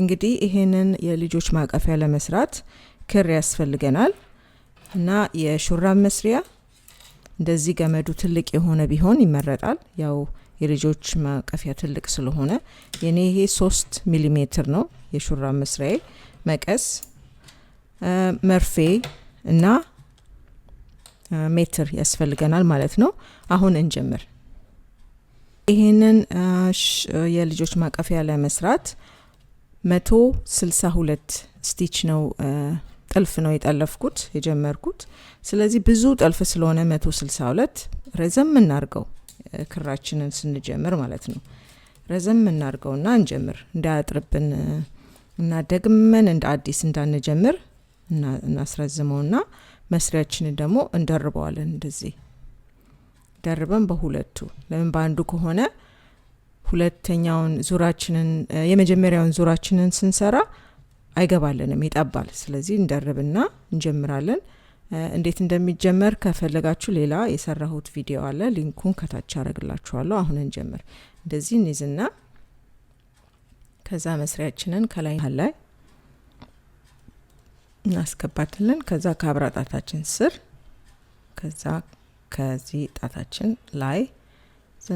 እንግዲህ ይህንን የልጆች ማቀፊያ ለመስራት ክር ያስፈልገናል እና የሹራብ መስሪያ እንደዚህ ገመዱ ትልቅ የሆነ ቢሆን ይመረጣል። ያው የልጆች ማቀፊያ ትልቅ ስለሆነ የኔ ይሄ ሶስት ሚሊ ሜትር ነው የሹራብ መስሪያ። መቀስ፣ መርፌ እና ሜትር ያስፈልገናል ማለት ነው። አሁን እንጀምር። ይህንን የልጆች ማቀፊያ ለመስራት መቶ ስልሳ ሁለት ስቲች ነው ጥልፍ ነው የጠለፍኩት የጀመርኩት። ስለዚህ ብዙ ጥልፍ ስለሆነ መቶ ስልሳ ሁለት ረዘም እናርገው ክራችንን ስንጀምር ማለት ነው። ረዘም እና እንጀምር እንዳያጥርብን እና ደግመን እንደ አዲስ እንዳንጀምር እና መስሪያችንን ደግሞ እንደርበዋለን። እንደዚህ ደርበን በሁለቱ ለምን በአንዱ ከሆነ ሁለተኛውን ዙራችንን የመጀመሪያውን ዙራችንን ስንሰራ አይገባልንም፣ ይጠባል። ስለዚህ እንደርብና እንጀምራለን። እንዴት እንደሚጀመር ከፈለጋችሁ ሌላ የሰራሁት ቪዲዮ አለ፣ ሊንኩን ከታች አረግላችኋለሁ። አሁን እንጀምር። እንደዚህ እንይዝና ከዛ መስሪያችንን ከላይ ላይ እናስገባትልን። ከዛ ከአብራ ጣታችን ስር ከዛ ከዚህ ጣታችን ላይ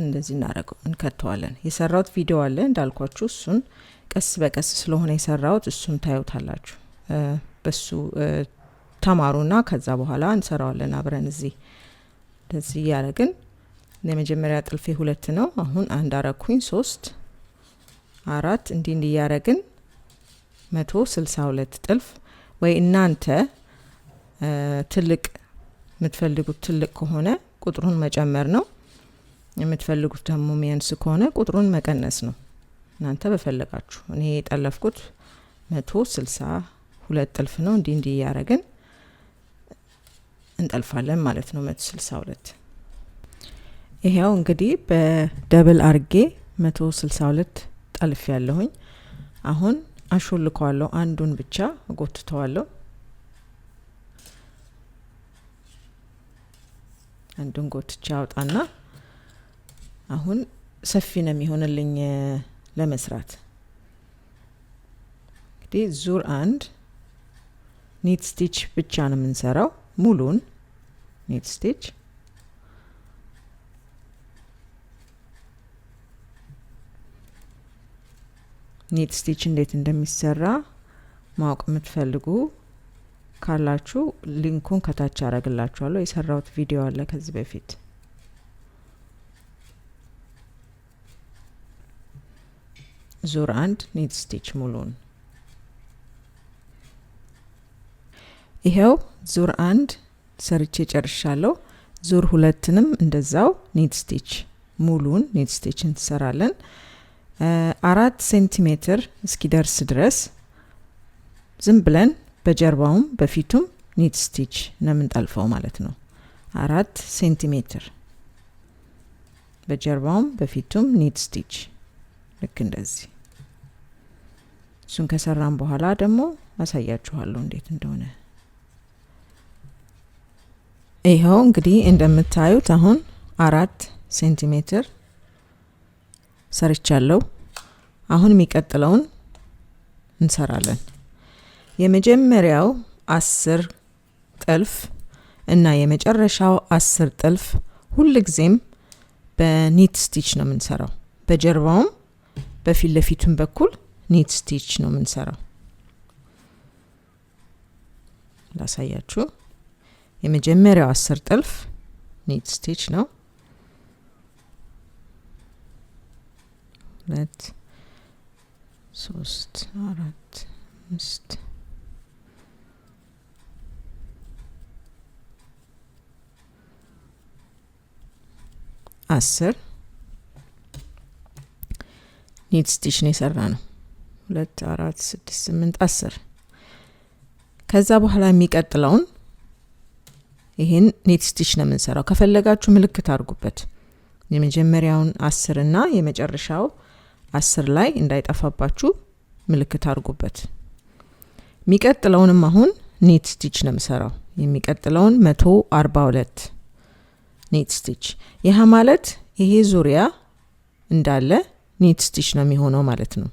እንደዚህ እናደረገው እንከተዋለን። የሰራሁት ቪዲዮ አለ እንዳልኳችሁ፣ እሱን ቀስ በቀስ ስለሆነ የሰራሁት እሱን ታዩታላችሁ። በሱ ተማሩና ከዛ በኋላ እንሰራዋለን አብረን። እዚህ እንደዚህ እያደረግን የመጀመሪያ ጥልፌ ሁለት ነው። አሁን አንድ አረኩኝ፣ ሶስት አራት፣ እንዲህ እንዲህ እያደረግን መቶ ስልሳ ሁለት ጥልፍ ወይ እናንተ ትልቅ የምትፈልጉት ትልቅ ከሆነ ቁጥሩን መጨመር ነው። የምትፈልጉት ደግሞ ሚያንስ ከሆነ ቁጥሩን መቀነስ ነው። እናንተ በፈለጋችሁ። እኔ የጠለፍኩት መቶ ስልሳ ሁለት ጥልፍ ነው። እንዲህ እንዲህ እያረግን እንጠልፋለን ማለት ነው። መቶ ስልሳ ሁለት ይሄው እንግዲህ በደብል አርጌ መቶ ስልሳ ሁለት ጠልፍ ያለሁኝ። አሁን አሾልከዋለሁ። አንዱን ብቻ እጎትተዋለሁ። አንዱን ጎትቻ አውጣና አሁን ሰፊ ነው የሚሆንልኝ ለመስራት። እንግዲህ ዙር አንድ ኒት ስቲች ብቻ ነው የምንሰራው ሙሉን ኒት ስቲች ኒት ስቲች እንዴት እንደሚሰራ ማወቅ የምትፈልጉ ካላችሁ ሊንኩን ከታች አረግላችኋለሁ። የሰራሁት ቪዲዮ አለ ከዚህ በፊት ዙር አንድ ኒድ ስቲች ሙሉን ይኸው ዙር አንድ ሰርቼ ጨርሻለሁ። ዙር ሁለትንም እንደዛው ኒድ ስቲች ሙሉን ኒድ ስቲች እንሰራለን አራት ሴንቲሜትር እስኪደርስ ድረስ ዝም ብለን በጀርባውም በፊቱም ኒድ ስቲች ነው የምንጠልፈው ማለት ነው። አራት ሴንቲሜትር በጀርባውም በፊቱም ኒድ ስቲች ልክ እንደዚህ እሱን ከሰራን በኋላ ደግሞ አሳያችኋለሁ እንዴት እንደሆነ። ይኸው እንግዲህ እንደምታዩት አሁን አራት ሴንቲሜትር ሰርቻለሁ። አሁን የሚቀጥለውን እንሰራለን። የመጀመሪያው አስር ጥልፍ እና የመጨረሻው አስር ጥልፍ ጊዜም በኒት ስቲች ነው የምንሰራው በጀርባውም በፊት ለፊቱን በኩል ኒት ስቲች ነው የምንሰራው። ላሳያችሁ። የመጀመሪያው አስር ጥልፍ ኒት ስቲች ነው። ሁለት ሶስት አራት አምስት አስር ኒድ ስቲችን የሰራ ነው። ሁለት አራት ስድስት ስምንት አስር ከዛ በኋላ የሚቀጥለውን ይህን ኔት ስቲች ነው የምንሰራው። ከፈለጋችሁ ምልክት አድርጉበት። የመጀመሪያውን አስር እና የመጨረሻው አስር ላይ እንዳይጠፋባችሁ ምልክት አድርጉበት። የሚቀጥለውንም አሁን ኔት ስቲች ነው የምሰራው። የሚቀጥለውን መቶ አርባ ሁለት ኔት ስቲች። ይህ ማለት ይሄ ዙሪያ እንዳለ ኔትስቲች ነው የሚሆነው ማለት ነው።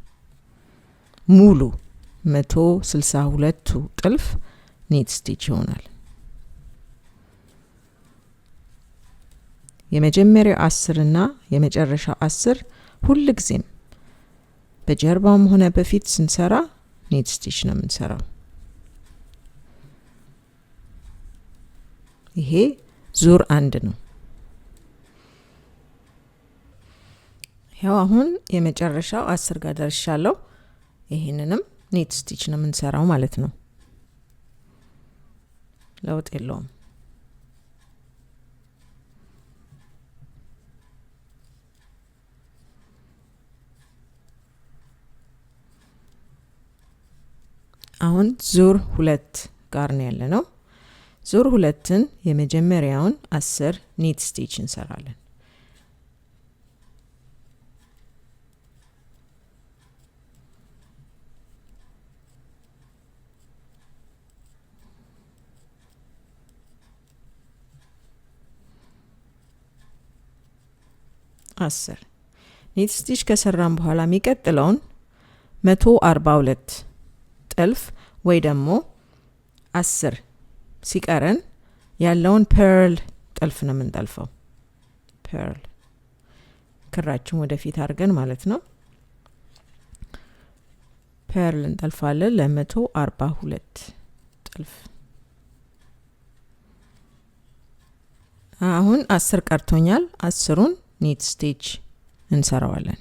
ሙሉ መቶ ስልሳ ሁለቱ ጥልፍ ኔት ስቲች ይሆናል። የመጀመሪያው እና የመጨረሻው አስር ሁል ጊዜም በጀርባውም ሆነ በፊት ስንሰራ ኔት ስቲች ነው የምንሰራው። ይሄ ዙር አንድ ነው። ያው አሁን የመጨረሻው አስር ጋር ደርሻለሁ። ይህንንም ኔት ስቲች ነው የምንሰራው ማለት ነው። ለውጥ የለውም። አሁን ዙር ሁለት ጋር ነው ያለ ነው። ዙር ሁለትን የመጀመሪያውን አስር ኔት ስቲች እንሰራለን። 10 ኒት ስቲች ከሰራን በኋላ የሚቀጥለውን 142 ጥልፍ ወይ ደግሞ 10 ሲቀረን ያለውን ፐርል ጥልፍ ነው የምንጠልፈው። ፐርል ክራችን ወደፊት አድርገን ማለት ነው። ፐርል እንጠልፋለን ለ142 ጥልፍ። አሁን አስር ቀርቶኛል። አስሩን ኒት ስቲች እንሰራዋለን።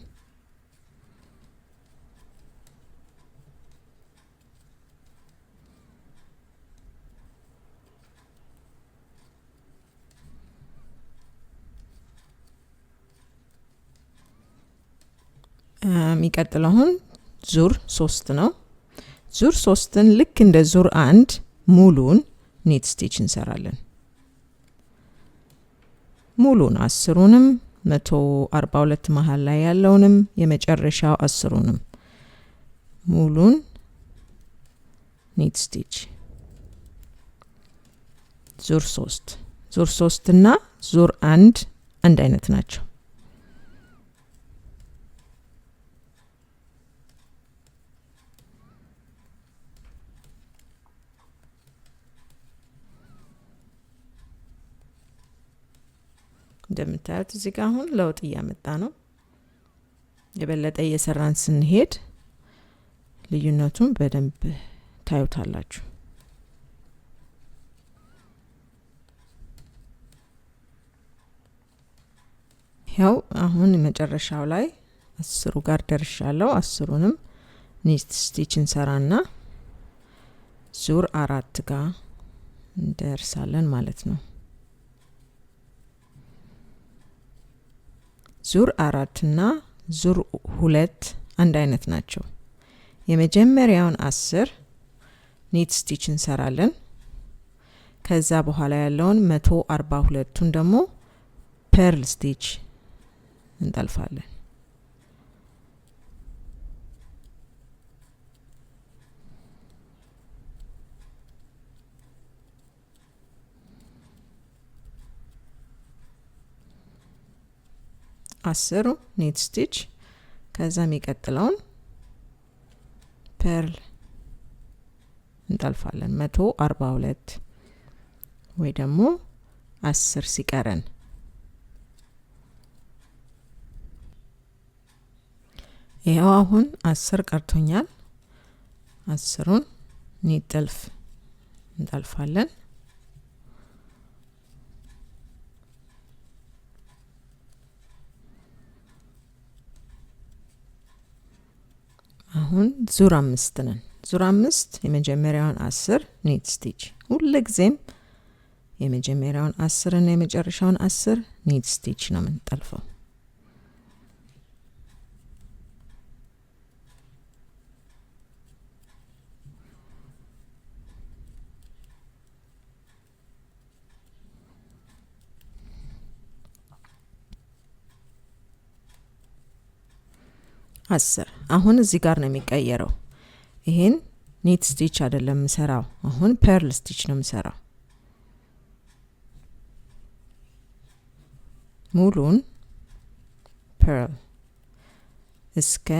የሚቀጥለው ዙር ሶስት ነው። ዙር ሶስትን ልክ እንደ ዙር አንድ ሙሉን ኒት ስቲች እንሰራለን። ሙሉን አስሩንም 142 መሀል ላይ ያለውንም የመጨረሻው አስሩንም ሙሉን ኒት ስቲች ዙር ሶስት ዙር ሶስት እና ዙር አንድ አንድ አይነት ናቸው። እንደምታዩት እዚህ ጋር አሁን ለውጥ እያመጣ ነው። የበለጠ እየሰራን ስንሄድ ልዩነቱን በደንብ ታዩታላችሁ። ያው አሁን መጨረሻው ላይ አስሩ ጋር ደርሻለሁ። አስሩንም ኔክስት ስቲች እንሰራና ዙር አራት ጋር እንደርሳለን ማለት ነው። ዙር አራት እና ዙር ሁለት አንድ አይነት ናቸው። የመጀመሪያውን አስር ኒት ስቲች እንሰራለን። ከዛ በኋላ ያለውን መቶ አርባ ሁለቱን ደግሞ ፐርል ስቲች እንጠልፋለን። አስሩ ኔት ስቲች ከዛ የሚቀጥለውን ፐርል እንጠልፋለን። መቶ አርባ ሁለት ወይ ደግሞ አስር ሲቀረን ይኸው አሁን አስር ቀርቶኛል። አስሩን ኒት ጥልፍ እንጠልፋለን። አሁን ዙር አምስት ነን። ዙር አምስት የመጀመሪያውን አስር ኒት ስቲች ጊዜም የመጀመሪያውን አስርና የመጨረሻውን አስር ኒት ስቲች ነው የምንጠልፈው። አስር አሁን እዚህ ጋር ነው የሚቀየረው። ይሄን ኒት ስቲች አይደለም የምሰራው፣ አሁን ፐርል ስቲች ነው የምሰራው። ሙሉን ፐርል እስከ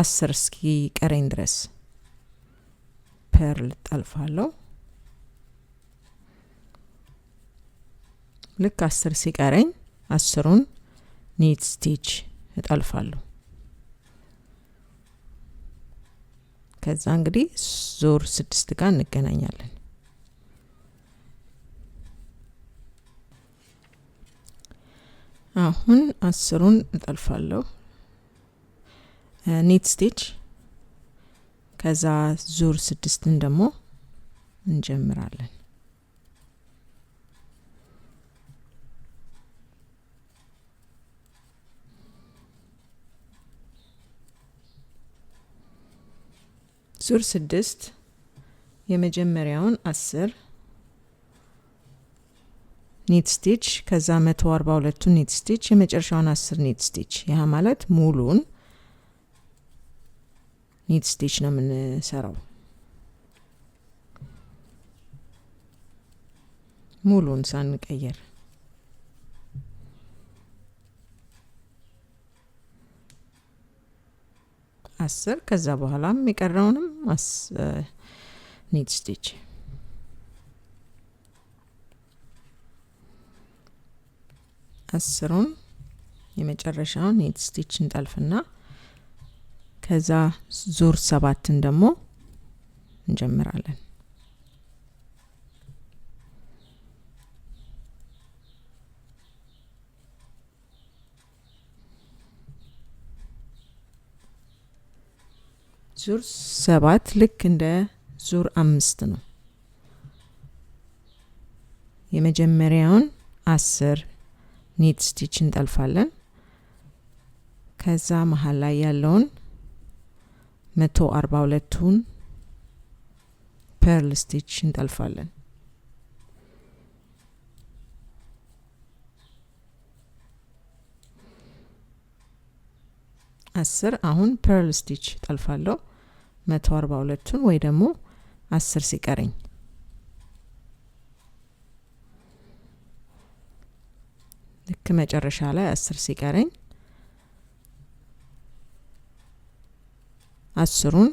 አስር እስኪ ቀረኝ ድረስ ፐርል ጠልፋለሁ። ልክ አስር ሲቀረኝ አስሩን ኒት ስቲች እጠልፋለሁ። ከዛ እንግዲህ ዙር ስድስት ጋር እንገናኛለን። አሁን አስሩን እጠልፋለሁ ኔት ስቴች ከዛ ዙር ስድስትን ደግሞ እንጀምራለን። ዙር ስድስት የመጀመሪያውን አስር ኒት ስቲች ከዛ መቶ አርባ ሁለቱን ኒት ስቲች የመጨረሻውን አስር ኒት ስቲች ይህ ማለት ሙሉን ኒት ስቲች ነው የምንሰራው። ሙሉን ሳንቀየር አስር ከዛ በኋላም የቀረውንም ኒድ ስቲች አስሩን የመጨረሻውን ኒድ ስቲች እንጠልፍና ከዛ ዙር ሰባትን ደግሞ እንጀምራለን። ዙር ሰባት ልክ እንደ ዙር አምስት ነው። የመጀመሪያውን አስር ኒት ስቲች እንጠልፋለን። ከዛ መሀል ላይ ያለውን መቶ አርባ ሁለቱን ፐርል ስቲች እንጠልፋለን። አስር አሁን ፐርል ስቲች ጠልፋለሁ። መቶ አርባ ሁለቱን ወይ ደግሞ አስር ሲቀረኝ ልክ መጨረሻ ላይ አስር ሲቀረኝ አስሩን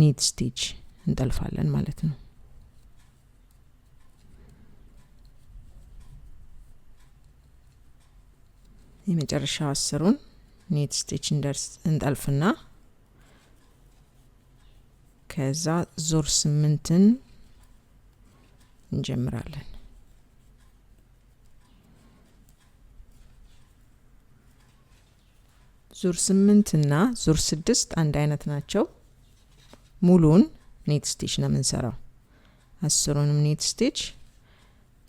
ኒድ ስቲች እንጠልፋለን ማለት ነው። የመጨረሻው አስሩን ኒድ ስቲች እንጠልፍና ከዛ ዙር ስምንትን እንጀምራለን። ዙር ስምንት እና ዙር ስድስት አንድ አይነት ናቸው። ሙሉን ኔት ስቲች ነው የምንሰራው። አስሩንም ኔት ስቲች፣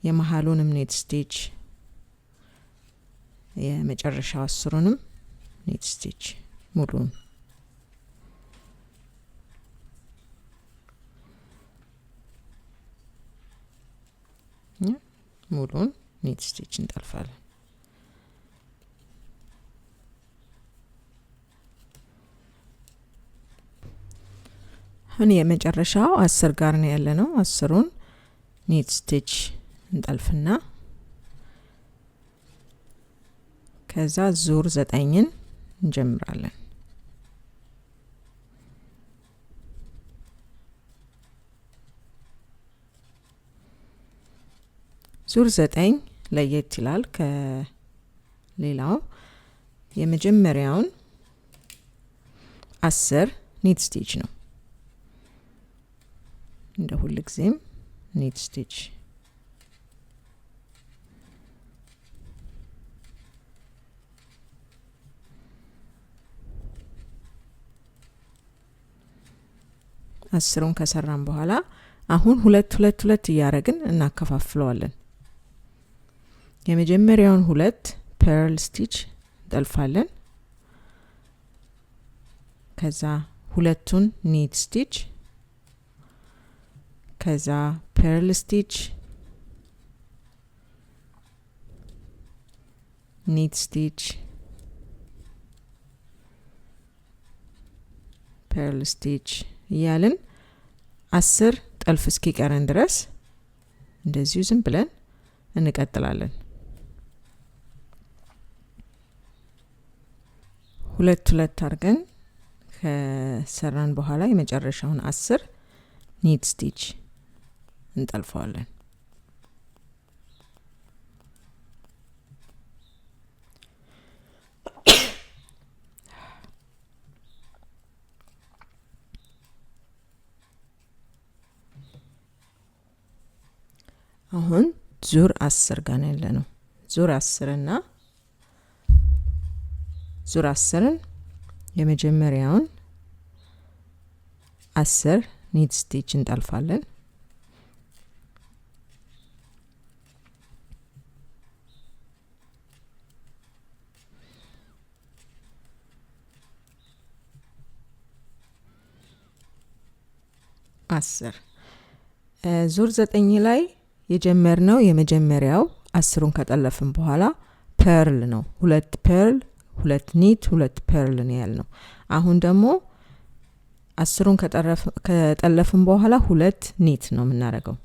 የመሀሉንም ኔት ስቲች፣ የመጨረሻው አስሩንም ኔት ስቲች ሙሉን ሙሉን ኒት ስቲች እንጠልፋለን። አሁን የመጨረሻው አስር ጋር ነው ያለ ነው። አስሩን ኒት ስቲች እንጠልፍና ከዛ ዙር ዘጠኝን እንጀምራለን። ዙር ዘጠኝ ለየት ይላል ከሌላው። የመጀመሪያውን አስር ኒድ ስቲች ነው። እንደ ሁል ጊዜም ኒድ ስቲች አስሩን ከሰራን በኋላ አሁን ሁለት ሁለት ሁለት እያደረግን እናከፋፍለዋለን። የመጀመሪያውን ሁለት ፐርል ስቲች እንጠልፋለን። ከዛ ሁለቱን ኒት ስቲች ከዛ ፐርል ስቲች ኒት ስቲች ፐርል ስቲች እያልን አስር ጠልፍ እስኪቀረን ድረስ እንደዚሁ ዝም ብለን እንቀጥላለን። ሁለት ሁለት አድርገን ከሰራን በኋላ የመጨረሻውን አስር ኒት ስቲች እንጠልፈዋለን። አሁን ዙር አስር ጋር ያለ ነው። ዙር አስርና ዙር አስርን የመጀመሪያውን አስር ኒድ ስቲች እንጠልፋለን። አስር ዙር ዘጠኝ ላይ የጀመርነው የመጀመሪያው አስሩን ከጠለፍን በኋላ ፐርል ነው። ሁለት ፐርል ሁለት ኒት ሁለት ያል ነው አሁን ደግሞ አስሩን ከጠለፍን በኋላ ሁለት ኒት ነው የምናደርገው።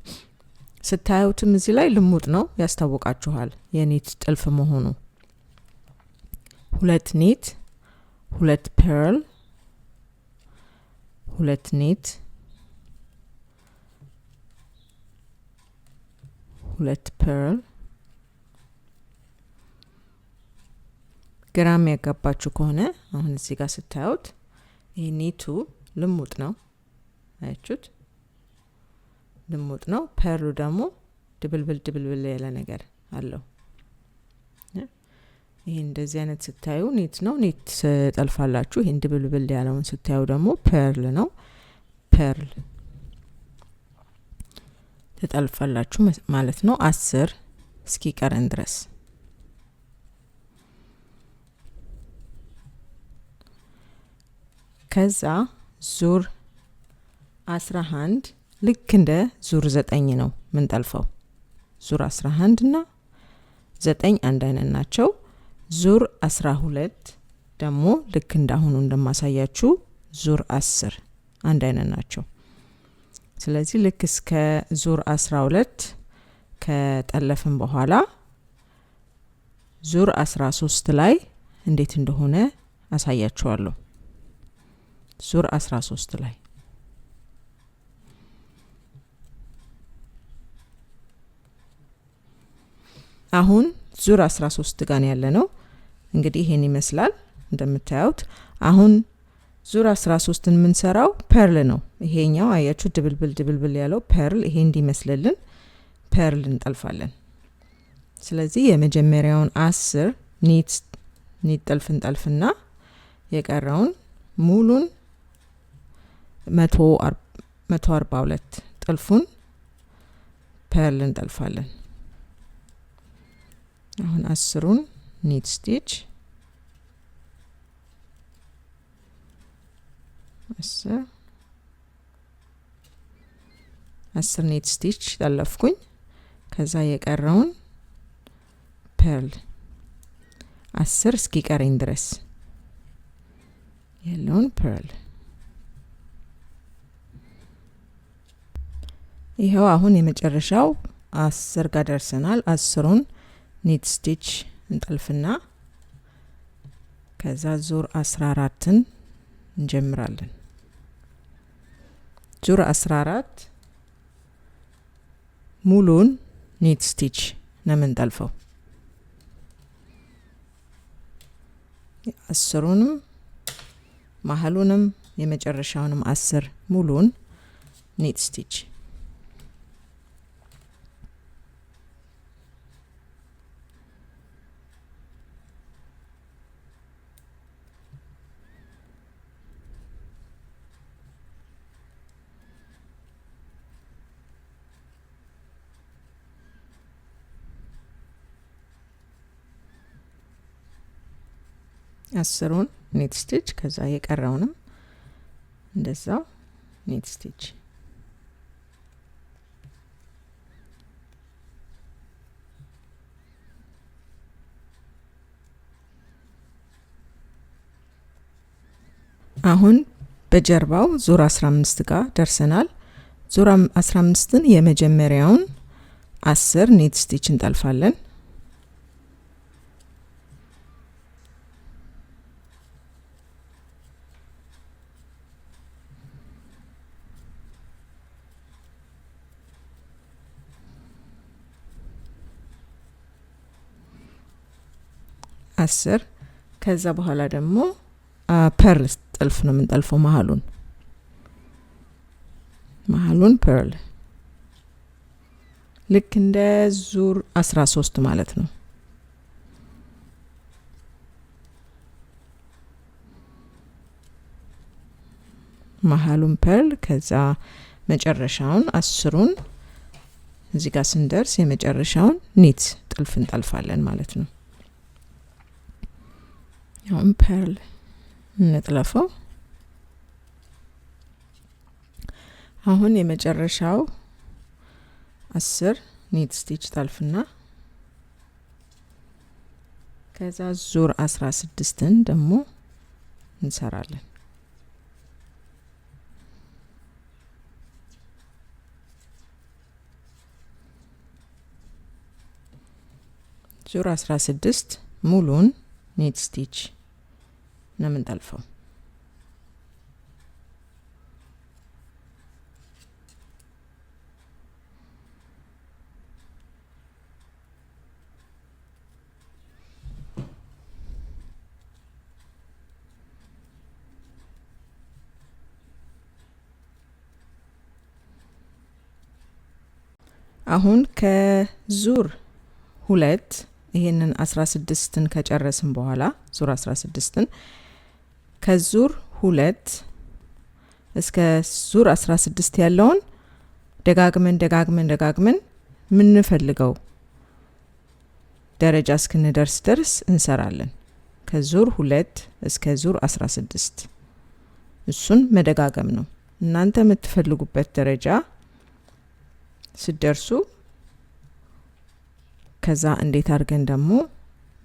ስታዩትም እዚህ ላይ ልሙጥ ነው ያስታውቃችኋል፣ የኒት ጥልፍ መሆኑ። ሁለት ኒት ሁለት ፐርል ሁለት ኒት ሁለት ፐርል ግራም ያጋባችሁ ከሆነ አሁን እዚህ ጋር ስታዩት ይህ ኒቱ ልሙጥ ነው። አያችሁት? ልሙጥ ነው። ፐርሉ ደግሞ ድብልብል ድብልብል ያለ ነገር አለው። ይህ እንደዚህ አይነት ስታዩ ኒት ነው። ኔት ስጠልፋላችሁ ይህን ድብልብል ያለውን ስታዩ ደግሞ ፐርል ነው። ፐርል ትጠልፋላችሁ ማለት ነው። አስር እስኪ ቀረን ድረስ ከዛ ዙር 11 ልክ እንደ ዙር 9 ነው ምንጠልፈው። ዙር 11 እና 9 አንድ አይነት ናቸው። ዙር 12 ደግሞ ልክ እንዳሁኑ እንደማሳያችሁ ዙር 10 አንድ አይነት ናቸው። ስለዚህ ልክ እስከ ዙር 12 ከጠለፍን በኋላ ዙር 13 ላይ እንዴት እንደሆነ አሳያችኋለሁ። ሱር 13 ላይ አሁን ዙር 13 ጋን ያለ ነው እንግዲህ ይሄን ይመስላል እንደምታዩት አሁን ዙር 13ን የምንሰራው ፐርል ነው ይሄኛው አያችሁ ድብልብል ድብልብል ያለው ፐርል ይሄ እንዲመስልልን ፐርል እንጠልፋለን ስለዚህ የመጀመሪያውን አስር ኒት ኒት ጠልፍ እንጠልፍና የቀረውን ሙሉን መቶ አርባ ሁለት ጥልፉን ፐርል እንጠልፋለን። አሁን አስሩን ኒት ስቲች አስር አስር ኔት ስቲች ጠለፍኩኝ። ከዛ የቀረውን ፐርል አስር እስኪ ቀረኝ ድረስ ያለውን ፐርል ይኸው አሁን የመጨረሻው አስር ጋር ደርሰናል። አስሩን ኒት ስቲች እንጠልፍና ከዛ ዙር አስራ አራትን እንጀምራለን። ዙር አስራ አራት ሙሉን ኒት ስቲች ነው የምንጠልፈው። አስሩንም መሀሉንም የመጨረሻውንም አስር ሙሉን ኒት ስቲች አስሩን ኔት ስቲች ከዛ የቀረውንም እንደዛው ኔት ስቲች አሁን በጀርባው ዙር 15 ጋር ደርሰናል። ዙር 15ን የመጀመሪያውን አስር ኔት ስቲች እንጠልፋለን። አስር ከዛ በኋላ ደግሞ ፐርል ጥልፍ ነው የምንጠልፈው መሀሉን መሀሉን ፐርል ልክ እንደ ዙር አስራ ሶስት ማለት ነው መሀሉን ፐርል ከዛ መጨረሻውን አስሩን እዚህ ጋር ስንደርስ የመጨረሻውን ኒት ጥልፍ እንጠልፋለን ማለት ነው አሁን ፐርል እንጥለፈው። አሁን የመጨረሻው አስር ኒት ስቲች ታልፍና ከዛ ዙር አስራ ስድስትን ደግሞ እንሰራለን። ዙር አስራ ስድስት ሙሉን ኒት ስቲች ነው የምንጠልፈው። አሁን ከዙር ሁለት ይህንን 16ን ከጨረስን በኋላ ዙር 16ን ከዙር ሁለት እስከ ዙር 16 ያለውን ደጋግመን ደጋግመን ደጋግመን የምንፈልገው ደረጃ እስክንደርስ ደርስ እንሰራለን። ከዙር ሁለት እስከ ዙር 16 እሱን መደጋገም ነው። እናንተ የምትፈልጉበት ደረጃ ስደርሱ ከዛ እንዴት አድርገን ደግሞ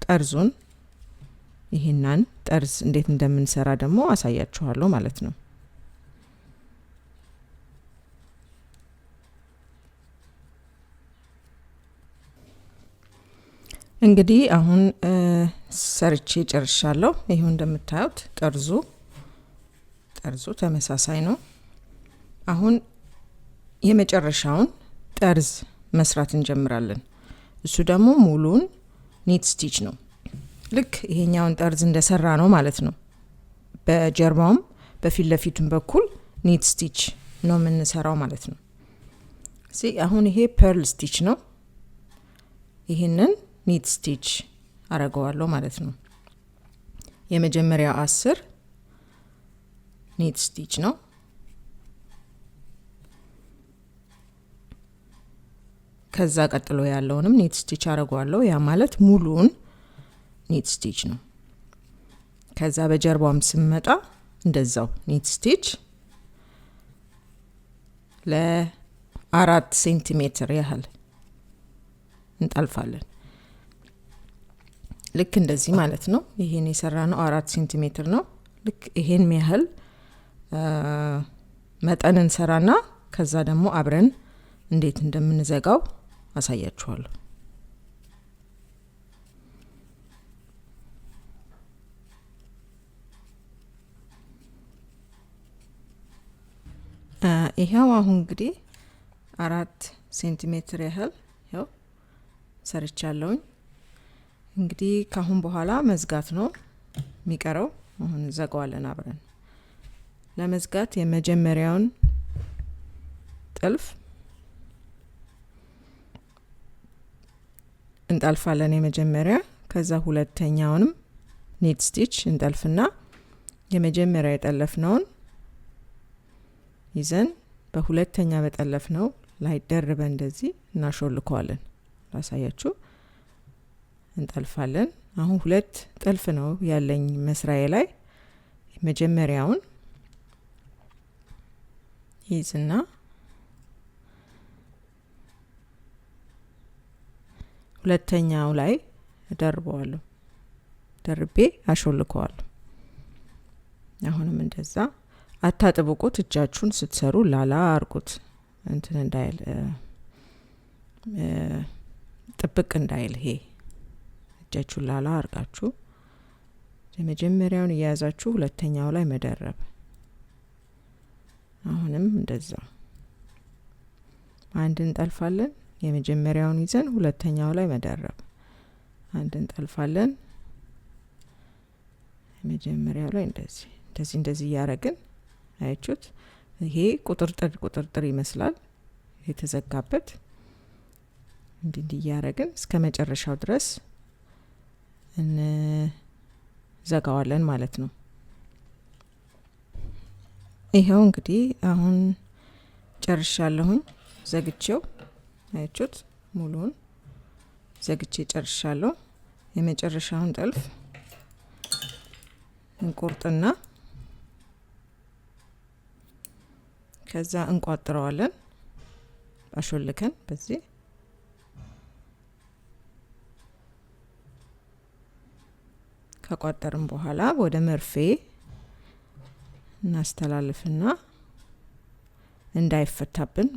ጠርዙን ይህናን ጠርዝ እንዴት እንደምንሰራ ደግሞ አሳያችኋለሁ ማለት ነው። እንግዲህ አሁን ሰርቼ ጨርሻለሁ። ይሁን እንደምታዩት ጠርዙ ጠርዙ ተመሳሳይ ነው። አሁን የመጨረሻውን ጠርዝ መስራት እንጀምራለን። እሱ ደግሞ ሙሉን ኒት ስቲች ነው። ልክ ይሄኛውን ጠርዝ እንደሰራ ነው ማለት ነው። በጀርባውም በፊት ለፊቱም በኩል ኒት ስቲች ነው የምንሰራው ማለት ነው። ሲ አሁን ይሄ ፐርል ስቲች ነው። ይህንን ኒት ስቲች አረገዋለሁ ማለት ነው። የመጀመሪያ አስር ኒት ስቲች ነው። ከዛ ቀጥሎ ያለውንም ኒት ስቲች አረገዋለሁ። ያ ማለት ሙሉውን ኒት ስቲች ነው። ከዛ በጀርባውም ስመጣ እንደዛው ኒት ስቲች ለአራት ሴንቲሜትር ያህል እንጠልፋለን። ልክ እንደዚህ ማለት ነው። ይሄን የሰራ ነው አራት ሴንቲሜትር ነው። ልክ ይሄን ያህል መጠን እንሰራና ከዛ ደግሞ አብረን እንዴት እንደምንዘጋው አሳያችኋለሁ። ይሄው አሁን እንግዲህ አራት ሴንቲሜትር ያህል ው ሰርቻለውኝ። እንግዲህ ካሁን በኋላ መዝጋት ነው የሚቀረው። አሁን እንዘጋዋለን አብረን። ለመዝጋት የመጀመሪያውን ጥልፍ እንጠልፋለን የመጀመሪያ ከዛ ሁለተኛውንም ኒድ ስቲች እንጠልፍና የመጀመሪያ የጠለፍነውን ይዘን በሁለተኛ በጠለፍ ነው ላይ ደርበ እንደዚህ እናሾልከዋለን። ላሳያችሁ እንጠልፋለን። አሁን ሁለት ጥልፍ ነው ያለኝ መስራዬ ላይ መጀመሪያውን ይዝና ሁለተኛው ላይ ደርበዋለሁ። ደርቤ አሾልከዋለሁ። አሁንም እንደዛ አታጥብቁት። እጃችሁን ስትሰሩ ላላ አርጉት እንትን እንዳይል ጥብቅ እንዳይል ይሄ እጃችሁን ላላ አርጋችሁ የመጀመሪያውን እየያዛችሁ ሁለተኛው ላይ መደረብ። አሁንም እንደዛ አንድ እንጠልፋለን። የመጀመሪያውን ይዘን ሁለተኛው ላይ መደረብ። አንድ እንጠልፋለን። የመጀመሪያው ላይ እንደዚህ እንደዚህ እንደዚህ እያረግን አያችሁት? ይሄ ቁጥርጥር ቁጥርጥር ይመስላል የተዘጋበት። እንዲህ እንዲህ እያረግን እስከ መጨረሻው ድረስ እንዘጋዋለን ማለት ነው። ይኸው እንግዲህ አሁን ጨርሻለሁኝ። ዘግቼው አያችሁት? ሙሉውን ዘግቼ ጨርሻለሁ። የመጨረሻውን ጥልፍ እንቆርጥና ከዛ እንቋጥረዋለን አሾልከን በዚህ ከቋጠርን በኋላ ወደ መርፌ እናስተላልፍና እንዳይፈታብን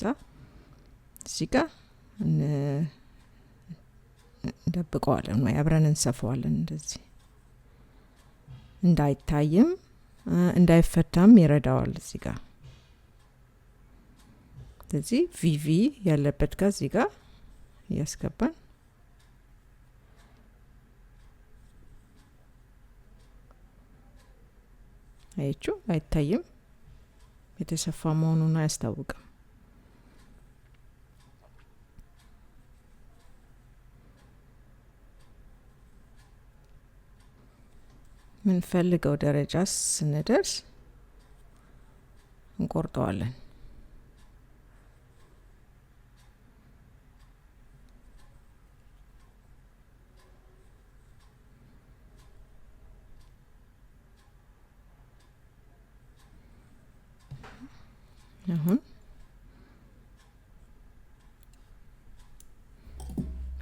ዛ እዚህ ጋር እንደብቀዋለን ወይ አብረን እንሰፈዋለን እንደዚህ እንዳይታይም እንዳይፈታም ይረዳዋል እዚህ ጋር ስለዚህ ቪቪ ያለበት ጋር እዚህ ጋር እያስገባን አየችው አይታይም የተሰፋ መሆኑን አያስታውቅም የምንፈልገው ደረጃ ስንደርስ እንቆርጠዋለን። አሁን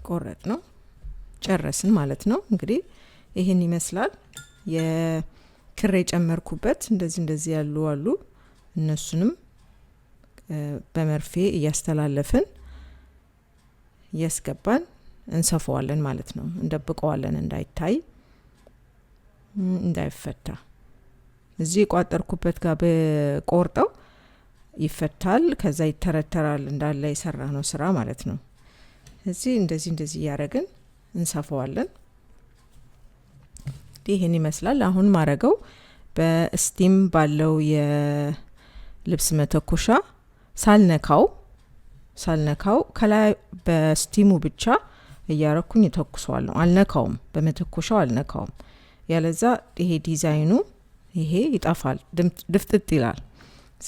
ቆረጥ ነው ጨረስን ማለት ነው። እንግዲህ ይህን ይመስላል። የክር የጨመርኩበት እንደዚህ እንደዚህ ያሉ አሉ። እነሱንም በመርፌ እያስተላለፍን እያስገባን እንሰፈዋለን ማለት ነው። እንደብቀዋለን እንዳይታይ እንዳይፈታ። እዚህ የቋጠርኩበት ጋር በቆርጠው ይፈታል። ከዛ ይተረተራል። እንዳለ የሰራ ነው ስራ ማለት ነው። እዚህ እንደዚህ እንደዚህ እያደረግን እንሰፈዋለን። እንግዲህ ይህን ይመስላል። አሁን ማረገው በስቲም ባለው የልብስ መተኮሻ ሳልነካው ሳልነካው ከላይ በስቲሙ ብቻ እያረኩኝ እተኩሰዋለሁ። አልነካውም፣ በመተኮሻው አልነካውም። ያለዛ ይሄ ዲዛይኑ ይሄ ይጠፋል፣ ድፍጥጥ ይላል።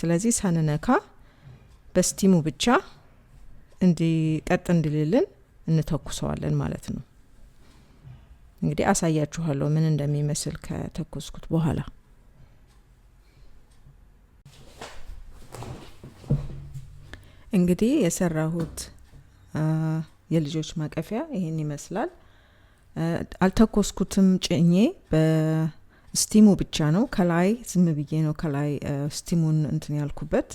ስለዚህ ሳንነካ በስቲሙ ብቻ እንዲቀጥ እንድልልን እንተኩሰዋለን ማለት ነው። እንግዲህ አሳያችኋለሁ ምን እንደሚመስል ከተኮስኩት በኋላ። እንግዲህ የሰራሁት የልጆች ማቀፊያ ይህን ይመስላል። አልተኮስኩትም ጭኜ በስቲሙ ብቻ ነው። ከላይ ዝም ብዬ ነው ከላይ ስቲሙን እንትን ያልኩበት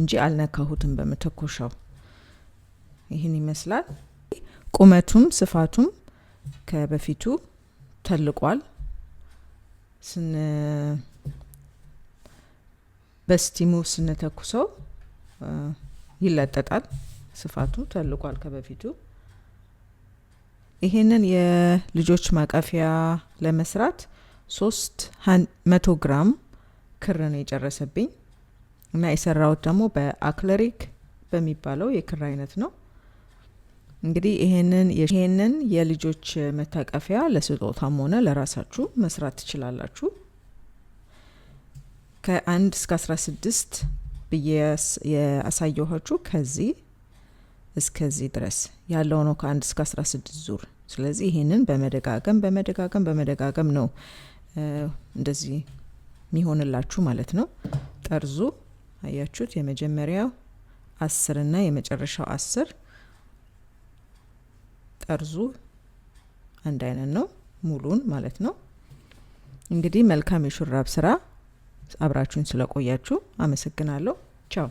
እንጂ አልነካሁትም በመተኮሻው። ይህን ይመስላል ቁመቱም ስፋቱም ከበፊቱ ተልቋል። ስን በስቲሙ ስንተኩሰው ይለጠጣል። ስፋቱ ተልቋል ከበፊቱ። ይሄንን የልጆች ማቀፊያ ለመስራት ሶስት መቶ ግራም ክር ነው የጨረሰብኝ እና የሰራሁት ደግሞ በአክለሪክ በሚባለው የክር አይነት ነው። እንግዲህ ይሄንን ይሄንን የልጆች መታቀፊያ ለስጦታም ሆነ ለራሳችሁ መስራት ትችላላችሁ። ከአንድ እስከ አስራ ስድስት ብዬ ያሳየኋችሁ ከዚህ እስከዚህ ድረስ ያለው ነው ከአንድ እስከ አስራ ስድስት ዙር። ስለዚህ ይሄንን በመደጋገም በመደጋገም በመደጋገም ነው እንደዚህ የሚሆንላችሁ ማለት ነው። ጠርዙ አያችሁት? የመጀመሪያው አስር እና የመጨረሻው አስር ጠርዙ አንድ አይነት ነው፣ ሙሉን ማለት ነው። እንግዲህ መልካም የሹራብ ስራ። አብራችሁን ስለቆያችሁ አመሰግናለሁ። ቻው